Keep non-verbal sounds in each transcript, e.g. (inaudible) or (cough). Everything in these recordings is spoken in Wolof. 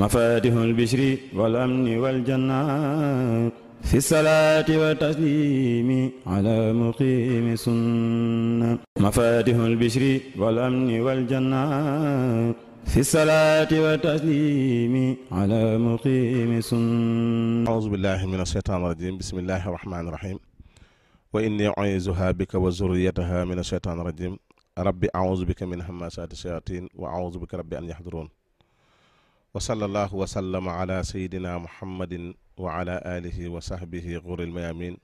mafatihul bishri wal amni wal janna fi salaati wa tasliimi ala muqiimi sunna mafatihul bishri wal amni wal janna fi salaati wa tasliimi ala muqiimi sunna a'uuzu billaahi mina shaytaani rajiim bismillaahi rahmaani rahiim wa inni u'iizuhaa bika wa zurriyatahaa mina shaytaani rajiim rabbi a'uuzu bika min hamaasaati shayaatiin wa a'uuzu bika rabbi an yahduruun wa sallallahu wa sallama ala sayidina muhammadin wa ala alihi wa sahbihi xuril mayamin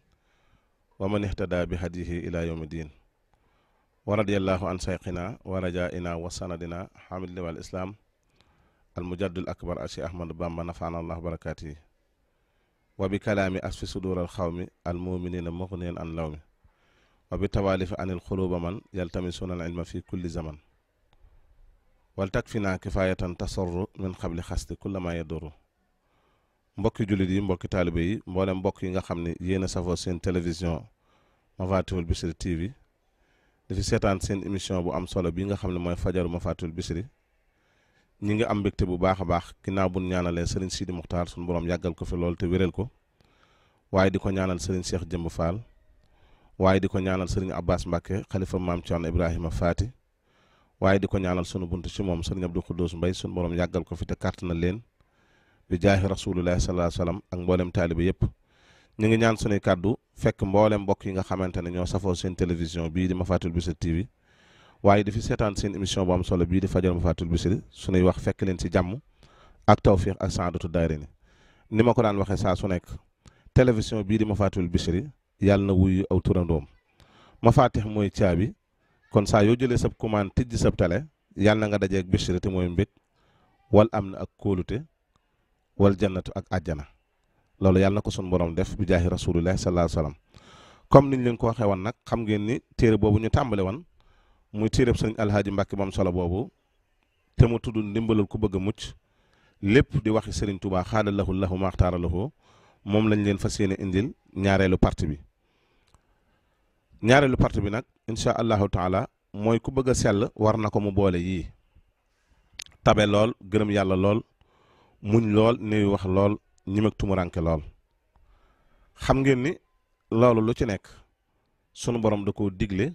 wa man ihtada bi hadihi ila yawmi din wa radiyallahu an sayqina wa rajaina wa sanadina hamid liwal islam al mujaddul akbar ashi ahmadu bamba nafana allah barakatihi wa bi kalaami asfi sudur al xawmi al muminina mughniyan an lawmi wa bi tawalifi an il xuluba man yaltamisuna al ilma fi kulli zaman wal tak fi naa kifaayatan tasorru min xabli xasti kulla ma yaduru mbokki jullit yi mbokki taalibe yi mboolem mbokk yi nga xam ne yéen a safoo seen télévision Mafatihul Bichri TV dafi seetaan seen émission bu am solo bi nga xam ne mooy fajaru Mafatihul Bichri ñi ngi am mbégte bu baax a baax ginnaaw bu ñaanalee Serigne Sidi Muxtaar suñu boroom yàggal ko fi lool te wéral ko waaye di ko ñaanal Serigne Cheikh Jëmb Fall waaye di ko ñaanal Serigne Abbas Mbacke xalifa maam Thierno Ibrahima Faati waaye di ko ñaanal sunu bunt ci moom sëriñ Abdou Khoudous Mbaye sunu borom yàggal ko fi te kàttan na leen bi jaahi rasulillahi sallallahu alayhi wa sallam ak mboolem taalibe yëpp ñu ngi ñaan sunuy kàddu fekk mboolem mbokk yi nga xamante ne ñoo safoo seen télévision bii di Mafatul Bichri TV waaye di fi seetaan seen émission bu solo bii di fajal Mafatul Bichri sunuy wax fekk leen ci jàmm ak tawfiq ak saadatu daayira ni ni ma ko daan waxee saa su nekk télévision bii di Mafatul Bichri yàlla na wuyu aw turandoom Mafatih mooy caabi kon saa yoo jële sab commande tijji sab tale yàlla na nga dajeeg bishri te mooy mbég wal am na ak kóolute wal jannatu ak àjjana loolu yàlla na ko sun borom def bi jaahi rasulillahi sallallahu alayhi wa sallam comme niñ leen ko waxee woon nag xam ngeen ni téere boobu ñu tàmbale woon muy téereb sëriñ alhaaji mbàkke moom solo boobu te mu tudd ndimbalal ku bëgg a mucc lépp di waxi sëriñ tubaa xaala lahu lahu maxtaara lahu moom lañ leen fas yéene indil ñaareelu parti bi ñaareelu parti bi nag incha allahu taala mooy ku bëgg a sell war na ko mu boole yii tabe lool gërëm yàlla lool muñ lool nuyu wax lool ñim ak lool xam ngeen ni loolu lu ci nekk sunu borom da ko digle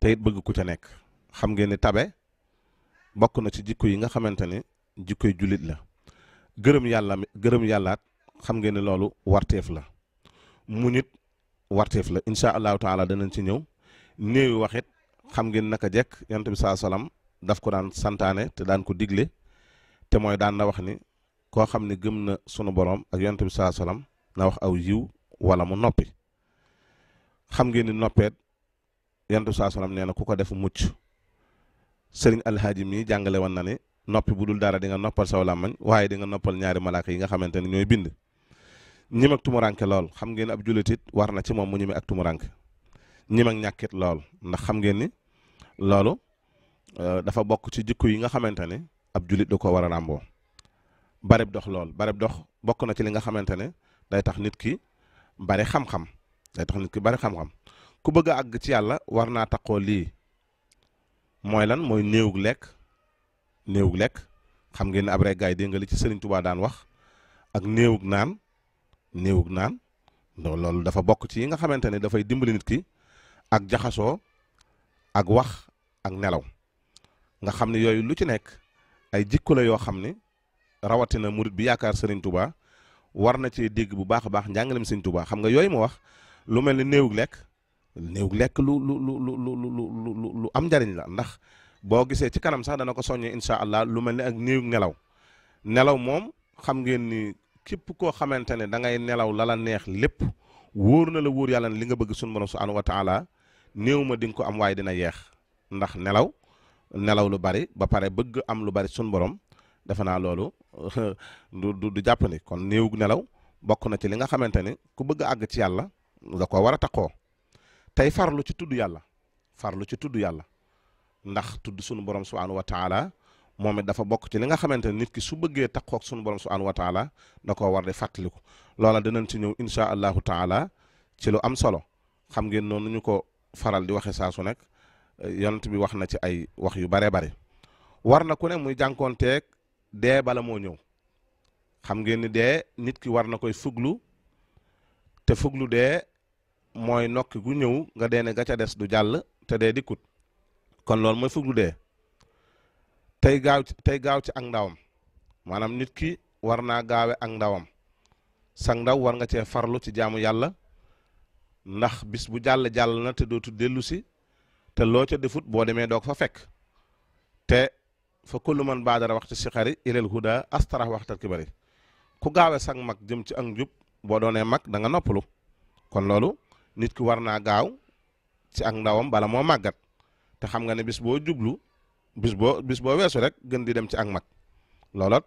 te bëgg ku ca nekk xam ngeen ni tabe bokk na ci jikko yi nga xamante ni jikkoy jullit la gërëm yàlla gërëm yàllaat xam ngeen ni loolu warteef la muñit warteef la incha allahu taala danañ ci ñëw néewi waxit xam ngeen naka jekk yonent bi saa daf ko daan santaane te daan ko digle te mooy daan na wax ni koo xam ne gëm na sunu borom ak yonent bi saa na wax aw yiw wala mu noppi xam ngeen ni noppeet yonent bi saa salaam nee na ku ko def mucc sëriñ alhaaji mii jàngale woon na ni noppi bu dul dara di nga noppal saw làmmañ waaye di noppal ñaari malaaka yi nga xamante ne ñooy bind ñim ak tumuranke lool xam ngeen ab jullit it war na ci moom mu ñime ak tumuranke ñi mag ñàkkit lool ndax xam ngeen ni loolu euh, dafa bokk ci jikko yi nga xamante ne ab jullit da ko war a ràmboo bareb dox lool bari dox bokk na ci li nga xamante ne day tax nit ki bari xam-xam day tax nit ki bari xam-xam ku bëgg a àgg ci yàlla war naa taqoo lii mooy lan mooy néewug lekk néewug lekk xam ngeen ne ab reggaay dégg nga li ci Sëriñ Tuubaa daan wax ak néewug naan néewug naan loolu dafa bokk ci yi nga xamante ne dafay dimbali nit ki ak jaxasoo ak wax ak nelaw nga xam ne yooyu lu ci nekk ay jikko yoo xam ne rawatina murit bi yaakaar sëriñ Touba war na ci dégg bu baax a baax njàngaleem sëriñ Touba xam nga yooyu mu wax lu mel ni néewug lekk néewug lekk lu lu lu lu lu lu am njariñ la ndax boo gisee ci kanam sax dana ko soññee incha allah lu mel ni ak néewug nelaw nelaw moom xam ngeen ni képp koo xamante ne dangay nelaw lala neex lépp wóor na la wóor yàlla li nga bëgg sunu borom subhanahu wa taala néew ma di nga ko am waay dina yeex ndax nelaw nelaw lu bari ba pare bëgg am lu bari sun borom defe naa loolu (laughs) du du jàpp ni kon néew nelaw bokk na ci li nga xamante ni ku bëgg àgg ci yàlla da ko war a takkoo tey farlu ci tudd yàlla farlu ci tudd yàlla ndax tudd sunu borom subhaanahu wa taala moom dafa bokk ci li nga xamante ne nit ki su bëggee takkoo ak sunu borom subhaanahu wa taala da koo war di fàttaliku loola dinañ ci ñëw incha allahu taala ci lu am solo xam ngeen noonu ñu ko faral di waxe saa su nekk yonent bi wax na ci ay wax yu bare bare war na ku ne muy jànkoonteeg dee bala moo ñëw xam ngeen ni dee nit ki war na koy fuglu te fuglu dee mooy nokki gu ñëw nga deene ne ca des du jàll te dee di kut kon loolu mooy fuglu dee tey gaaw ci tey gaaw ci ak ndawam maanaam nit ki war naa gaawe ak ndawam sang ndaw war nga cee farlu ci jaamu yàlla ndax bis bu jàll jàll na te dootu dellu si te loo ca defut boo demee doog fa fekk te fa kullu man baadara waxtu si xari ilal huda astarax waxtal ki bari ku gaawe sang mag jëm ci ak njub boo doonee mag danga nga kon loolu nit ki war naa gaaw ci ak ndawam bala moo màggat te xam nga ne bis boo jublu bis boo bis boo weesu rek gën di dem ci ak mag looloot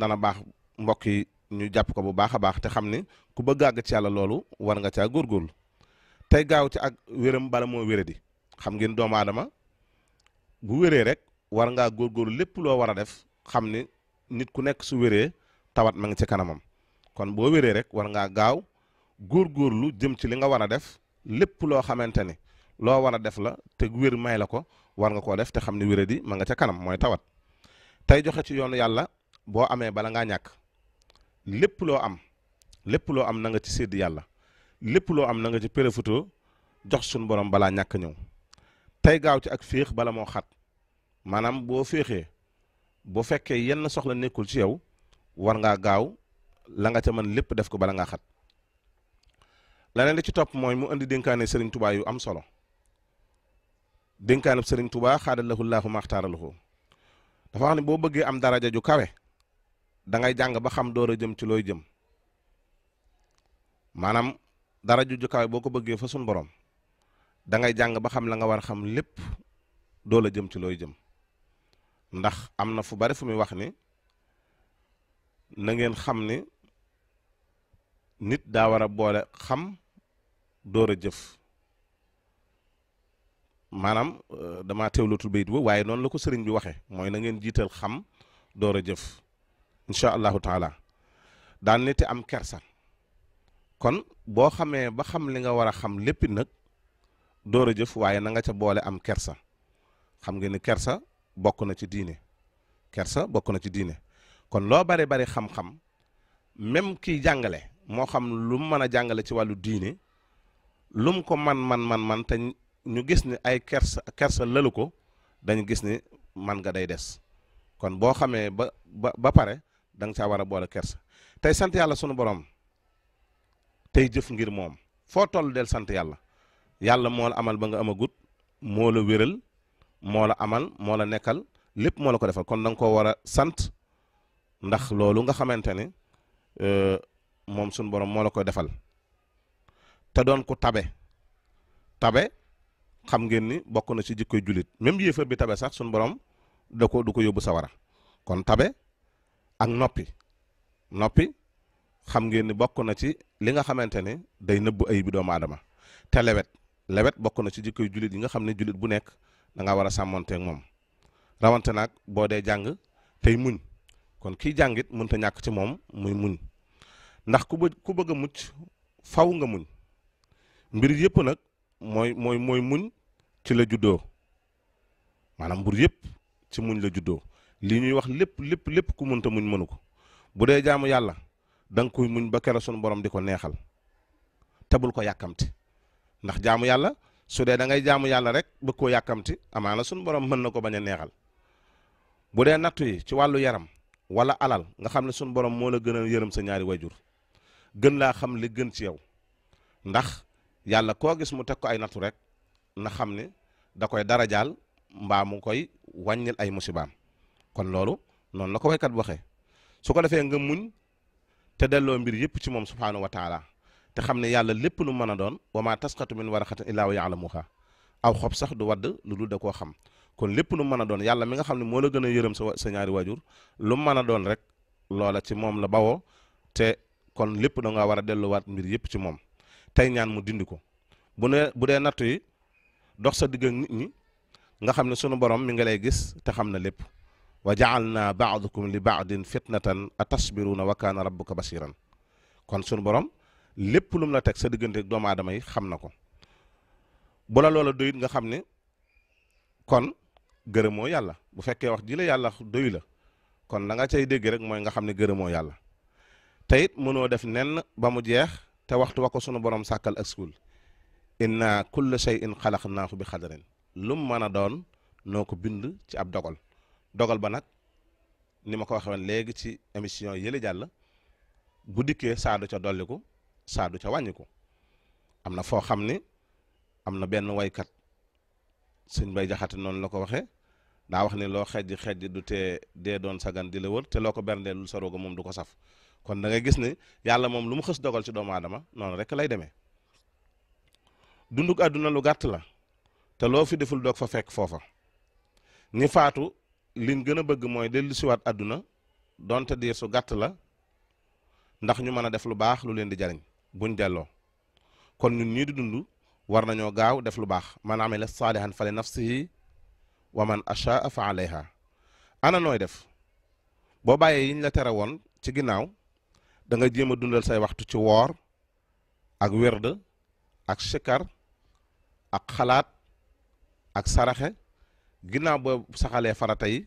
dana baax mbokk yi ñu jàpp ko bu baax a baax te xam ne ku bëgg àgg ci yàlla loolu war nga caa góorgóorlu tey gaaw ci ak wéram bala moo wére di xam ngeen doomu aadama bu wéree rek war ngaa góorgóorlu lépp loo war a def xam ne nit ku nekk su wéree tawat ma ngi ci kanamam kon boo wéree rek war ngaa gaaw góorgóorlu jëm ci li nga war a def lépp loo xamante ne loo war a def la te wér may la ko war nga koo def te xam ne wéree di ma nga ca kanam mooy tawat tey joxe ci yoonu yàlla boo amee bala ngaa ñàkk lépp loo am lépp loo am na nga ci sedd yàlla lépp loo am na nga ci péréfutoo jox suñu borom balaa ñàkk ñëw tey gaaw ci ak féex bala moo xat maanaam boo féexee boo fekkee yenn soxla nekkul ci yow war ngaa gaaw la nga ca mën lépp def ko bala nga xat leneen li ci topp mooy mu indi dénkaane sëriñ tubaa yu am solo dénkaane sëriñ tubaa xaadalahullahu maxtaaralahu dafa wax ne boo bëggee am daraja ju kawe da ngay jàng ba xam door a jëm ci looy jëm maanaam dara ju jukaay boo ko bëggee fa sun borom da ngay jàng ba xam la nga war a xam lépp doo la jëm ci looy jëm ndax am na fu bari fu muy wax ni na ngeen xam ni nit daa war a boole xam door a jëf maanaam euh, damaa teewlatul bayit ba waaye noonu la ko sëriñ bi waxe mooy na ngeen jiital xam door a jëf incha allahu taala daan ne te am kersa kon boo xamee ba xam li nga war a xam lépp nag door a jëf waaye na nga ca boole am kersa xam nga ni kersa bokk na ci diine kersa bokk na ci diine kon loo bari bari xam-xam même kiy jàngale moo xam lum mën a jàngale ci wàllu diine lum ko man man man man te ñu gis ni ay kersa kersa lalu ko dañu gis ni man nga day des kon boo xamee ba ba ba pare da nga caa war a boole kersa tey sant yàlla sunu borom tey jëf ngir moom foo toll del sant yàlla yàlla moo la amal ba nga amagut moo la wéral moo la amal moo la nekkal lépp moo la ko defal kon da nga koo war a sant ndax loolu nga xamante ne euh, moom sunu borom moo la ko defal te doon ku tabe tabe xam ngeen ni bokk na ci jikkoy jullit même yéefar bi tabe sax sunu borom da ko du ko yóbbu sawara kon tabe ak noppi noppi xam ngeen ni bokk na ci li nga xamante ne day nëbb ay bi doomu aadama te lewet lewet bokk na ci jikkoy jullit yi nga xam ne jullit bu nekk da nga war a sàmmonteeg moom rawante nag boo dee jàng tey muñ kon kii jàngit mënta ñàkk ci moom muy muñ ndax ku bëgg ku bëgg a mucc faw nga muñ mbir yëpp nag mooy mooy mooy muñ ci la juddoo maanaam mbur yëpp ci muñ la juddoo li ñuy wax lépp lépp lépp ku mënta muñ mënu ko bu dee jaamu yàlla da nga koy muñ ba kera sunu borom di ko neexal te bul ko yàkkamti ndax jaamu yàlla su dee da ngay jaamu yàlla rek bëgg koo yàkkamti amaana sunu borom mën na ko bañ a neexal bu dee nattu yi ci wàllu yaram wala alal nga xam ne sunu borom moo la gën a yërëm sa ñaari wayjur gën laa xam li gën ci yow ndax yàlla koo gis mu teg ko ay nattu rek na xam ne da koy darajaal mbaa mu koy wàññil ay musibaam kon loolu noonu la ko waykat waxee su ko defee nga muñ te delloo mbir yëpp ci moom subhaanahu wa te xam ne yàlla lépp lu mën a doon wa maa tasqatu min waraqatin illaa wa xa aw xob sax du wadd lu dul da koo xam kon lépp lu mën a doon yàlla mi nga xam ne moo la gën a yërëm sa sa ñaari waajur lu mën a doon rek loola ci moom la bawoo te kon lépp da ngaa war a delluwaat mbir yëpp ci moom tey ñaan mu dindi ko bu ne bu dee nattu yi dox sa digg ak nit nga xam ne sunu borom mi nga lay gis te xam na lépp wa jaalna baadukum li baadin fitnatan atasbiruuna wa kaana rabbuka basiran kon sunu borom lépp lu la teg sa digganteeg doomu aadama xam na ko bu la loola doyut nga xam ne kon gërëmoo yàlla bu fekkee wax ji la yàlla doy la kon la nga cay dégg rek mooy nga xam ne gërëmoo yàlla te mënoo def nenn ba mu jeex te waxtu wa ko sunu borom sàkkal ak suul inna kulla shay'in xalaqnaahu bi xadarin lum mën a doon noo ko bind ci ab dogal dogal ba nag ni ma ko waxee woon léegi ci émission yële jàll bu dikkee saadu ca dolliku saadu ca wàññiku am na foo xam ni am na benn waykat sëñ bay jaxate noonu la ko waxee daa wax ni loo xejj xejj du tee dee doon sagan di la wër te loo ko berndeelul sa rogo moom du ko saf kon da ngay gis ni yàlla moom lu mu xës dogal ci doomu aadama noonu rek lay demee dunduk àdduna lu gàtt la te loo fi deful doog fa fekk foofa ñi faatu liñ gën a bëgg mooy dellu siwaat àdduna donte diir su gàtt la ndax ñu mën a def lu baax lu leen di jariñ buñ delloo kon ñun ñii di dund war nañoo gaaw def lu baax man amila saalihan fa li nafsihi wa man achaa fa alayha ana nooy def boo bàyyee yiñ la tere woon ci ginnaaw danga nga jéem a dundal say waxtu ci woor ak wérd ak sikar ak xalaat ak saraxe ginnaaw ba saxalee farata yi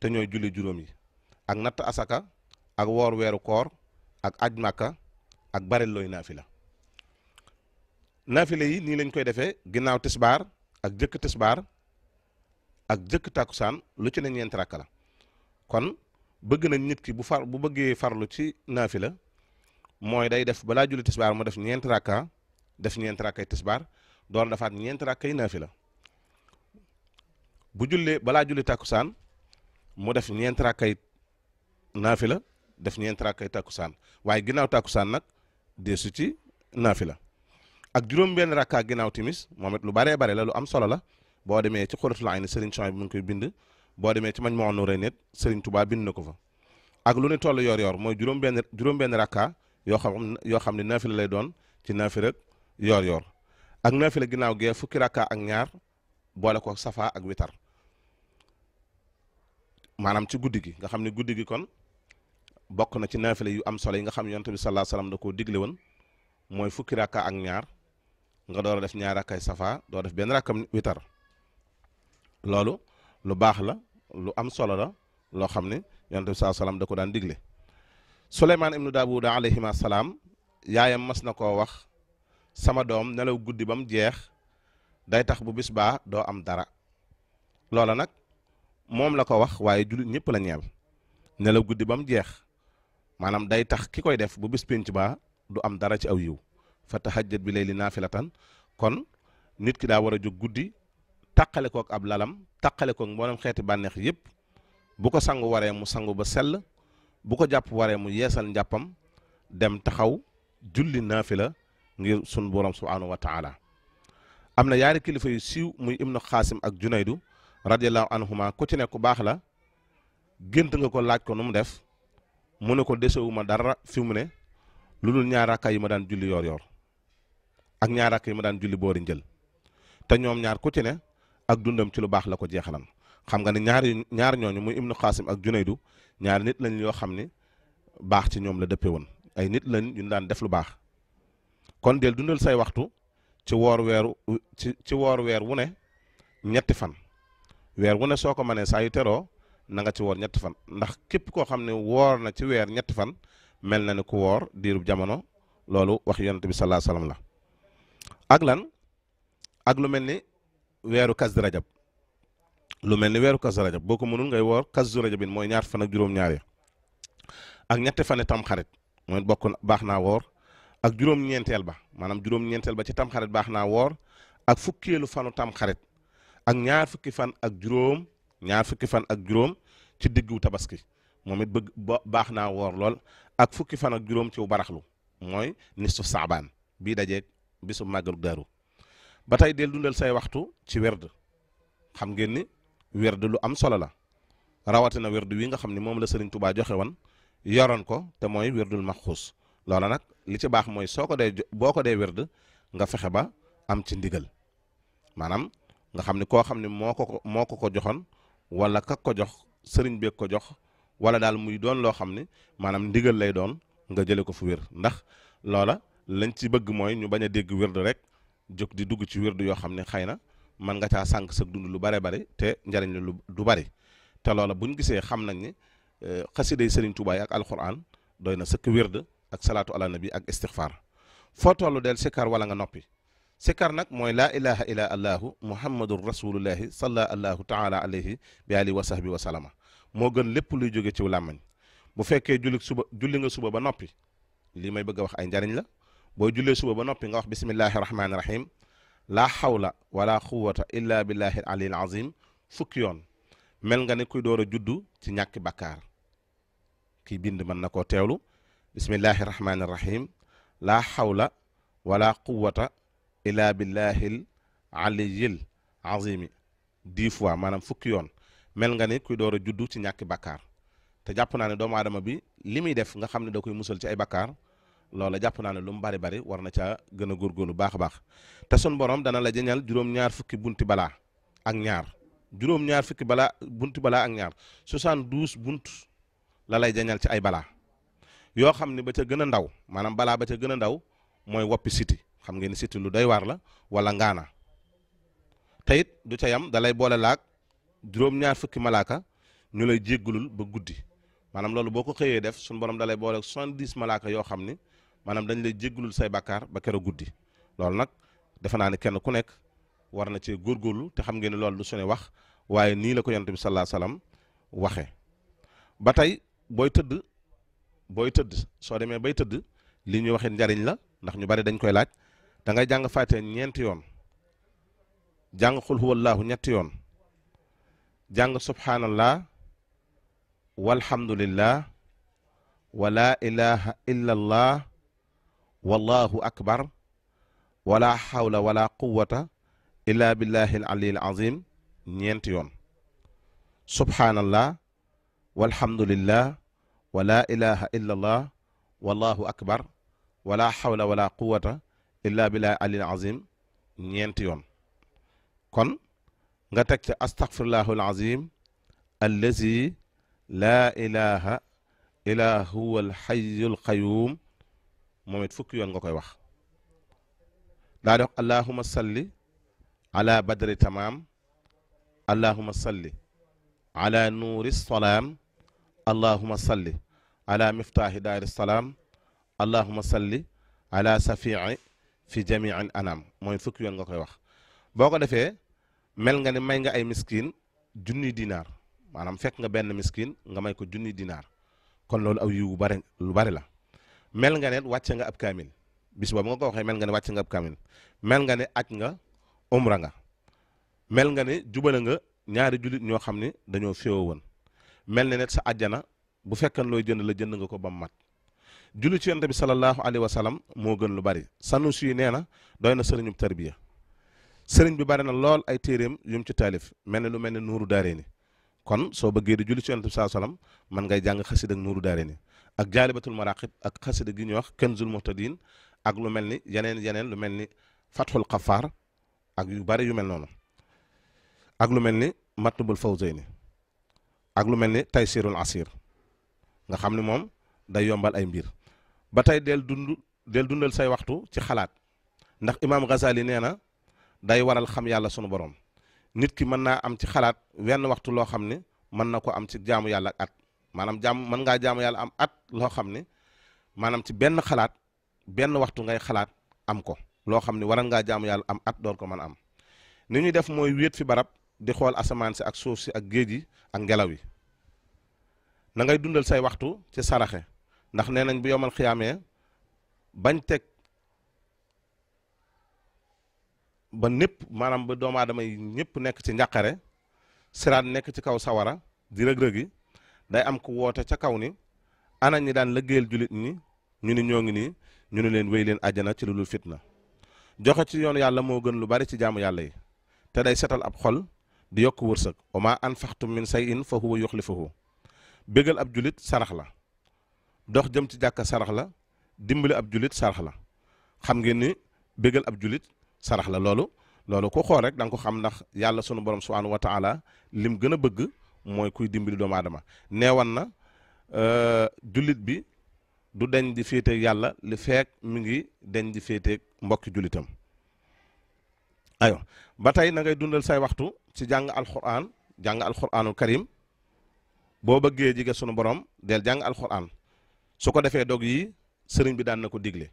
te ñooy julli juróom yi ak natt asaka ak woor weeru koor ak aj màkka ak bare looy naafila naafila yi nii lañ koy defee ginnaaw tisbaar ak jëkk tisbaar ak jëkk tàkkusaan lu ci ne ñeenti rakk la kon bëgg na nit ki bu far bu bëggee farlu ci naafila mooy day def balaa julli tisbaar mu def ñeenti rakka def ñeenti rakkay tisbaar door defaat ñeenti rakkay naafila bu jullee balaa julli tàkkusaan mu def ñeent rakkay naafila def ñeent rakkay tàkkusaan waaye ginnaaw tàkkusaan nag deesu ci naafila ak juróom-benn rakkaa ginnaaw timis moom it lu baree bare la lu am solo la boo demee ci xuratul ayni Serigne Chouaib bi mu ngi koy bind boo demee ci mañ moo Majmahun Nurayni Serigne tubaa bind na ko fa ak lu ne toll yor-yor mooy juróom-benn juróom yoo xam yoo xam ne naafila lay doon ci naafila yor-yor ak naafila ginnaaw gee fukki rakkaa ak ñaar. boole ko safa ak witar maanaam ci guddi gi nga xam ne guddi gi kon bokk na ci naafile yu am solo yi nga xam ne yonent bi sallallahu alayhi da koo digle woon mooy fukki rakka ak ñaar nga door a def ñaar rakkay safa doo def benn rakkam witar loolu lu baax la lu am solo la loo xam ne yonent bi sallallahu alayhi wasallam da ko daan digle Suleymaan ibnu Daawuda alayhima salaam yaayam mas na koo wax sama doom nelaw guddi ba mu jeex day tax bu bis baa doo am dara loola nag moom la ko wax waaye jullit ñëpp la ñeel nelaw guddi ba mu jeex maanaam day tax ki koy def bu bis pénc baa du am dara ci aw yiw fa tahajjat bi layli tan kon nit ki daa war a jóg guddi taqale kook ab lalam taqale kook mboolem xeeti bànneex yëpp bu ko sangu waree mu sangu ba sell bu ko jàpp waree mu yeesal njàppam dem taxaw julli naafila ngir sun borom subhanahu wa taala am na yaari kilifa yu siiw muy im ibnu xaasim ak junaydu radiallahu anhuma ku ci ne ku baax la gént nga ko laaj ko nu mu def mu ne ko desewuma dara fi mu ne lu dul ñaar rakka yi ma daan julli yoor yor ak ñaar rakka yi ma daan julli boori njël te ñoom ñaar ku ci ne ak dundam ci lu baax la ko jeexalan xam nga ne ñaar ñaar ñooñu muy ibnu xaasim ak junaydu ñaari nit lañ yoo xam ni baax ci ñoom la dëppe woon ay nit lañ ñu daan def lu baax kon del dundal say waxtu ci woor weeru ci ci woor weer wu ne ñetti fan weer wu ne soo ko mënee saa yu teroo nanga ci woor ñetti fan ndax képp koo xam ne woor na ci weer ñetti fan mel na ni ku woor diirub jamono loolu wax yonent bi sallallahu alayhi la ak lan ak lu mel ni weeru kas di rajab lu mel ni weeru kas di rajab boo ko mënul ngay woor kas du rajabin mooy ñaar fan ak juróom-ñaar ya ak ñetti fan itam xarit mooy bokk baax naa woor ak juróom-ñeenteel ba maanaam juróom-ñeenteel ba ci tamxarit baax naa woor ak fukkeelu fanu tamxarit ak ñaar fukki fan ak juróom ñaar fukki fan ak juróom ci diggu tabaski moom it bëgg baax naa woor lool ak fukki fan ak juróom ci baraxlu mooy nistu saabaan bii dajeeg bisu màggalu daaru ba tey del dundal say waxtu ci werd xam ngeen ni werd lu am solo la rawatina werd wi nga xam ne moom la Sëriñ Tubaa joxe woon yoroon ko te mooy werdul maxuus loola nag li ci baax mooy soo ko dee boo ko dee werd nga fexe ba am ci ndigal maanaam nga xam ne koo xam ne moo ko moo ko ko joxoon wala kak ko jox sëriñ beeg ko jox wala daal muy doon loo xam ne maanaam ndigal lay doon nga jële ko fu wér ndax loola lañ ci bëgg mooy ñu bañ a dégg wérd rek jog di dugg ci wérd yoo xam ne xëy na mën nga caa sànq sa dund lu bare bari te njariñ lu du bari te loola buñ gisee xam nañ ni eh, xasiday sëriñ Tuubaa yi ak alxuraan doy na sëkk wérd ak salaatu ala nabi ak istixfaar foo tollu del sikar wala nga noppi sikar nag mooy laa ilaha illa allahu muhammadun rasulullahi salla allahu taala alayhi bi alihi wa sahbi wa moo gën lépp luy jóge ciw làmmañ bu fekkee julli suba nga suba ba noppi lii may bëgg a wax ay njariñ la boo jullee suba ba noppi nga wax bismillahi rahmaani rahim laa xawla wala quwata illa billahi al alil azim fukki yoon mel nga ne kuy door a juddu ci ñàkki bàkkaar bind mën na koo teewlu bismillahi rahmaani rahim laa xawla wala quwata illa billahil aliyil azimi dix fois maanaam fukki yoon mel nga ni kuy door a juddu ci ñàkki bakkaar te jàpp naa ne doomu aadama bi li muy def nga xam ne da koy musal ci ay bakkaar loola jàpp naa ne lu bari bari war na caa gën a góorgóorlu baax a baax te sun borom dana la jëñal juróom-ñaar fukki bunti balaa ak ñaar juróom-ñaar fukki balaa ak ñaar soixante-douze bunt la lay jëñal ci ay balaa yoo xam ne ba ca gën a ndaw maanaam balaa ba ca gën a ndaw mooy woppi siti xam ngeen ni siti lu day waar la wala ngaana te it du ca yam dalay boole laag juróom-ñaar fukki malaaka ñu lay jéggulul ba guddi maanaam loolu boo ko xëyee def suñu borom dalay boole soixante-dix malaaka yoo xam ni maanaam dañ lay jéggulul say bàkkaar ba keroog guddi loolu nag defe naa ne kenn ku nekk war na cee góor góorlu te xam ngeen ne loolu du suñu wax waaye nii la ko yonent bi sallallahu alayhi wasallam ba tey booy tëdd booy tëdd soo demee bay tëdd li ñuy waxee njariñ la ndax ñu bari dañ koy laaj da ngay jàng fàtte ñeenti yoon jàng xul huwallaahu ñetti yoon jàng subhaanallah walhamdulillah wala ilaha illa allah wallahu akbar wala hawla wala quwata illa billahi al aliyyil azim ñeenti yoon subhaanallah walhamdulillah wa laa ilaha illa allah wallahu akbar wala hawla wala quwata illa billahi alil azim ñeenti yoon kon nga teg ca astaghfirullahu alazim allazi laa ilaha illa huwa alhayyul qayyum moom it fukki yoon nga koy wax daa dox allahuma salli ala badri tamaam allahuma salli ala nuuri salaam allahuma salli ala miftaahi daari salaam allahuma salli ala safii fi jamii anaam mooy fukki yoon nga koy wax boo ko defee mel nga ne may nga ay miskin junni dinaar maanaam fekk nga benn miskin nga may ko junni dinaar kon loolu aw yiwu bari lu bari la mel nga ne wàcce nga ab kaamil bis boobu nga ko waxee mel nga ne wàcce nga ab kaamil mel nga ne aj nga umra nga mel nga ne jubale nga ñaari jullit ñoo xam ne dañoo féewo woon mel ne net sa àjjana bu fekkan looy jënd la jënd nga ko ba mu mat julli ci yonent bi sallallahu alayhi wa sallam moo gën lu bari sanusi yi nee na doy na sëriñub tarbiya sëriñ bi bari na lool ay téeréem yum ci taalif mel ne lu mel ne nuuru daaree ni kon soo bëggee di julli ci yonent bi sallallahu alayhi wa sallam man ngay jàng xasida ak nuuru daaree ni ak jaalibatul maraqib ak xasida gi ñuy wax kenzul muhtadin ak lu mel ni yeneen yeneen lu mel ni fathul xafaar ak yu bari yu mel noonu ak lu mel ni matnubul fawzayni ak lu mel ni taysirul asir nga xam ne moom day yombal ay mbir ba tey del dund del dundal say waxtu ci xalaat ndax imaam Ghazali nee na day waral xam yàlla sunu borom nit ki mën naa am ci xalaat wenn waxtu loo xam ne mën na ko am ci jaamu yàlla ak at maanaam jaam mën ngaa jaamu yàlla am at loo xam ne maanaam ci benn xalaat benn waxtu ngay xalaat am ko loo xam ne waral ngaa jaamu yàlla am at door ko mën am ni ñuy def mooy wéet fi barab di xool asamaan si ak suuf si ak géej yi ak ngelaw yi na dundal say waxtu ci saraxe ndax nee nañ bu yomal xiyaamee bañ teg ba népp maanaam ba doomu aadama yi ñëpp nekk ci njàqare siraat nekk ci kaw sawara di rëg-rëg yi day am ku woote ca kaw ni ana ñi daan lëggéeyal jullit ñi ñu ni ñoo ngi nii ñu ni leen wéy leen àjjana ci lu dul fitna joxe ci yoon yàlla moo gën lu bari ci jaamu yàlla yi te day setal ab xol di yokk wërsëg wa maa anfaqtum min shay'in fa huwa yukhlifuhu bégal ab julit sarax la dox jëm ci jàkka sarax la dimbali ab julit sarax la xam ngeen ni bégal ab julit sarax la loolu loolu ko xool rek danga ko xam ndax yàlla sunu borom subhanahu wa taala lim gën a bëgg mooy kuy dimbali doomu aadama neewan na euh, jullit bi du deñ di féeteeg yàlla li feek mu ngi deñ di féeteeg mbokki jullitam aywa ba tey na ngay dundal say waxtu ci jàng alquran jàng alquranul karim boo bëggee jige sunu borom del jàng alquran su ko defee dog yi sëriñ bi daan na ko digle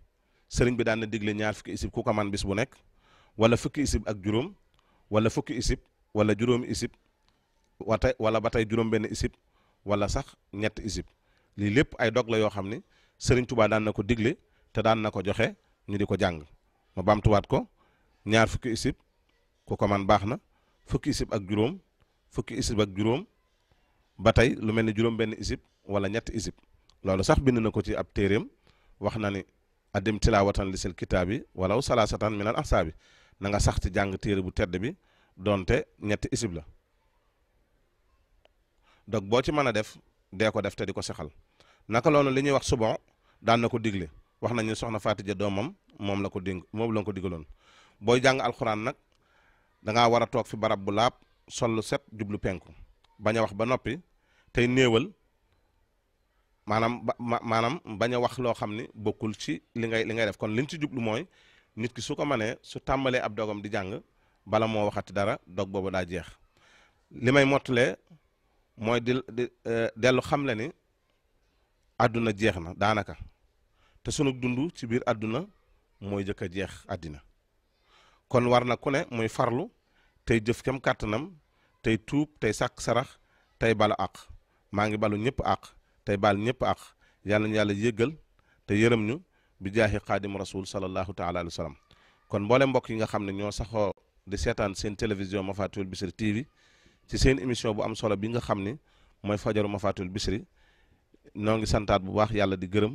sëriñ bi daan na digle ñaar fukki isib ku ko man bis bu nekk wala fukki isib ak juróom wala fukki isib wala juróomi isib wata wala ba tey juróom benn isib wala sax ñett isib lii lépp ay dog la yoo xam ni sëriñ tubaa daan na ko digle te daan na ko joxe ñu di ko jàng ma baamtuwaat ko ñaar fukki isib ku ko man baax na fukki isib ak juróom fukki isib ak juróom ba tey lu mel ni juróom benn isib wala ñetti isib loolu sax bind na ko ci ab téeréem wax na ni addim tilaawatan li sil kitaabi walaw salaasatan minal ahsaabi na nga sax ci jàng téere bu tedd bi donte ñetti isib la dog boo ci mën a def dee ko def te di ko sexal naka loolu li ñuy wax subon daan na ko digle wax nañu soxna Faatija doomam moom la ko dénk moom la ko digaloon booy jàng alxuraan nag da ngaa war a toog fi barab bu laab sol lu set jublu penku bañ a wax ba noppi tey néewal maanaam ba maanaam bañ a wax loo xam ni bokkul ci li ngay li ngay def kon liñ ci jublu mooy nit ki su ko manee su tàmbalee ab dogam di jàng bala moo waxati dara dog boobu daa jeex li may mottalee mooy di di e, dellu xam le ni àdduna jeex na daanaka te sunu dund ci biir àdduna mooy jëkk a jeex àddina kon war na ku ne muy farlu tey jëf kem kàttanam tey tuub tey sàkk sarax tey balu àq maa ngi balu ñëpp àq tey baal ñëpp àq yàlla ñu yàlla yëggal te yërëm ñu bi jaaxi xaadim rasul sallallahu taala alayhi wa sallam kon mboole mbokk yi nga xam ne ñoo saxoo di seetaan seen télévision Mafatul Bichri TV ci seen émission bu am solo bi nga xam ni mooy fajaru ma Mafatul Bichri noo ngi santaat bu baax yàlla di gërëm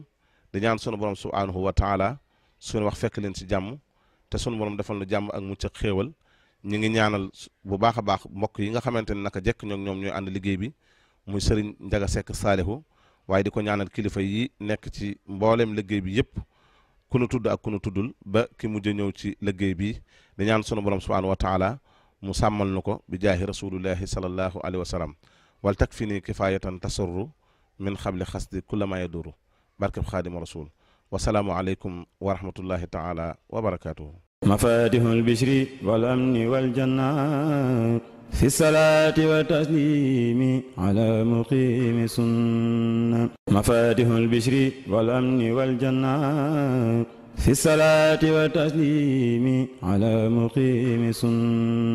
di ñaan sunu borom subhanahu wa taala suñu wax fekk leen ci jàmm te sunu borom defal nu jàmm ak mucc ak xéewal ñu ngi ñaanal bu baax a baax mbokk yi nga xamante ne naka jekk ñoom ñoom ñooy ànd liggéey bi muy sëriñ Njaga Sekk Saalihu waaye di ko ñaanal kilifa yi nekk ci mbooleem liggéey bi yëpp ku nu tudd ak ku nu tuddul ba ki mujj ñëw ci liggéey bi di ñaan sunu borom subhaanahu wa taala mu sàmmal nu ko bi jaahi rasulullahi sallallahu alayhi wa sallam wal tak fi nii kifaayatan tasurru min xabli xasdi kullama yaduru barkeb xaadima rasul wasalaamu aleykum wa rahmatullahi taala wa barakatuhu mafatihul bishri wal amni wal janna fi salaati wa taslimi ala muqimi sunna mafatihul bishri wal amni wal janna fi salaati wa taslimi ala muqimi sunna